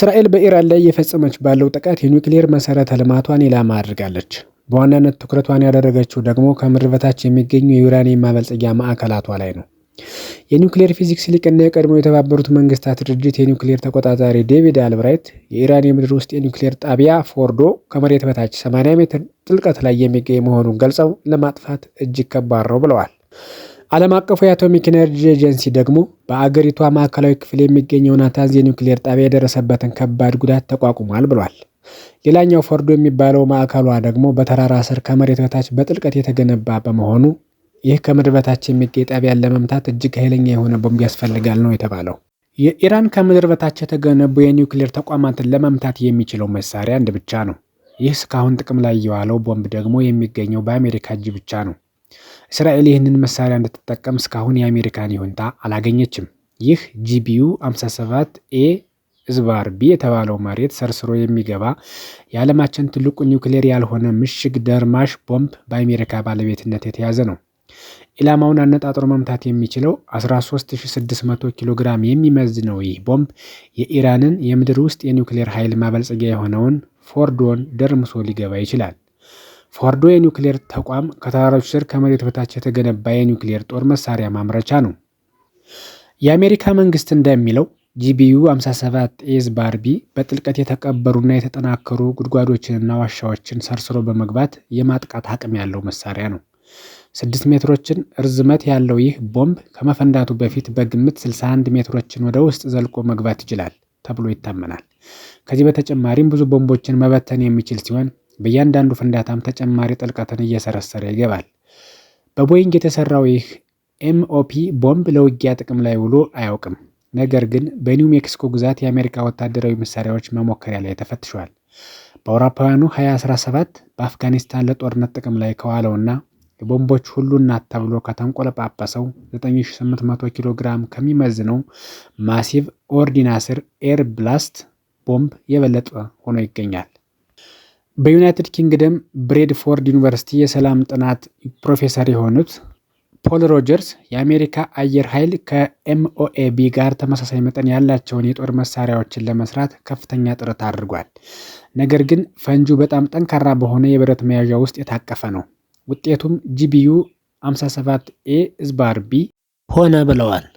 እስራኤል በኢራን ላይ እየፈጸመች ባለው ጥቃት የኒውክሌር መሰረተ ልማቷን ኢላማ አድርጋለች። በዋናነት ትኩረቷን ያደረገችው ደግሞ ከምድር በታች የሚገኙ የዩራኒየም ማበልጸጊያ ማዕከላቷ ላይ ነው። የኒውክሌር ፊዚክስ ሊቅና የቀድሞ የተባበሩት መንግስታት ድርጅት የኒውክሌር ተቆጣጣሪ ዴቪድ አልብራይት የኢራን የምድር ውስጥ የኒውክሌር ጣቢያ ፎርዶ ከመሬት በታች 80 ሜትር ጥልቀት ላይ የሚገኝ መሆኑን ገልጸው ለማጥፋት እጅግ ከባድ ነው ብለዋል። ዓለም አቀፉ የአቶሚክ ኤነርጂ ኤጀንሲ ደግሞ በአገሪቷ ማዕከላዊ ክፍል የሚገኘው ናታንዝ የኒውክሌር ጣቢያ የደረሰበትን ከባድ ጉዳት ተቋቁሟል ብሏል። ሌላኛው ፎርዶ የሚባለው ማዕከሏ ደግሞ በተራራ ስር ከመሬት በታች በጥልቀት የተገነባ በመሆኑ ይህ ከምድር በታች የሚገኝ ጣቢያን ለመምታት እጅግ ኃይለኛ የሆነ ቦምብ ያስፈልጋል ነው የተባለው። የኢራን ከምድር በታች የተገነቡ የኒውክሌር ተቋማትን ለመምታት የሚችለው መሳሪያ አንድ ብቻ ነው። ይህ እስካሁን ጥቅም ላይ የዋለው ቦምብ ደግሞ የሚገኘው በአሜሪካ እጅ ብቻ ነው። እስራኤል ይህንን መሳሪያ እንድትጠቀም እስካሁን የአሜሪካን ይሁንታ አላገኘችም። ይህ ጂቢዩ 57 ኤ ዝባር ቢ የተባለው መሬት ሰርስሮ የሚገባ የዓለማችን ትልቁ ኒውክሌር ያልሆነ ምሽግ ደርማሽ ቦምብ በአሜሪካ ባለቤትነት የተያዘ ነው። ኢላማውን አነጣጥሮ መምታት የሚችለው 13600 ኪሎ ግራም ነው። ይህ ቦምብ የኢራንን የምድር ውስጥ የኒውክሌር ኃይል ማበልጸጊያ የሆነውን ፎርዶን ደርምሶ ሊገባ ይችላል። ፎርዶ የኒውክሌር ተቋም ከተራሮች ስር ከመሬት በታች የተገነባ የኒውክሌር ጦር መሳሪያ ማምረቻ ነው። የአሜሪካ መንግስት እንደሚለው ጂቢዩ 57 ኤዝ ባርቢ በጥልቀት የተቀበሩና የተጠናከሩ ጉድጓዶችንና ዋሻዎችን ሰርስሮ በመግባት የማጥቃት አቅም ያለው መሳሪያ ነው። ስድስት ሜትሮችን እርዝመት ያለው ይህ ቦምብ ከመፈንዳቱ በፊት በግምት 61 ሜትሮችን ወደ ውስጥ ዘልቆ መግባት ይችላል ተብሎ ይታመናል። ከዚህ በተጨማሪም ብዙ ቦምቦችን መበተን የሚችል ሲሆን በእያንዳንዱ ፍንዳታም ተጨማሪ ጥልቀትን እየሰረሰረ ይገባል። በቦይንግ የተሰራው ይህ ኤምኦፒ ቦምብ ለውጊያ ጥቅም ላይ ውሎ አያውቅም። ነገር ግን በኒው ሜክሲኮ ግዛት የአሜሪካ ወታደራዊ መሳሪያዎች መሞከሪያ ላይ ተፈትሿል። በአውሮፓውያኑ 2017 በአፍጋኒስታን ለጦርነት ጥቅም ላይ ከዋለውና የቦምቦች ሁሉ እናት ተብሎ ከተንቆለጳጰሰው 9800 ኪሎ ግራም ከሚመዝነው ማሲቭ ኦርዲናስር ኤር ብላስት ቦምብ የበለጠ ሆኖ ይገኛል። በዩናይትድ ኪንግደም ብሬድፎርድ ዩኒቨርሲቲ የሰላም ጥናት ፕሮፌሰር የሆኑት ፖል ሮጀርስ የአሜሪካ አየር ኃይል ከኤምኦኤቢ ጋር ተመሳሳይ መጠን ያላቸውን የጦር መሳሪያዎችን ለመስራት ከፍተኛ ጥረት አድርጓል። ነገር ግን ፈንጂው በጣም ጠንካራ በሆነ የብረት መያዣ ውስጥ የታቀፈ ነው። ውጤቱም ጂቢዩ 57 ኤ ዝባርቢ ሆነ ብለዋል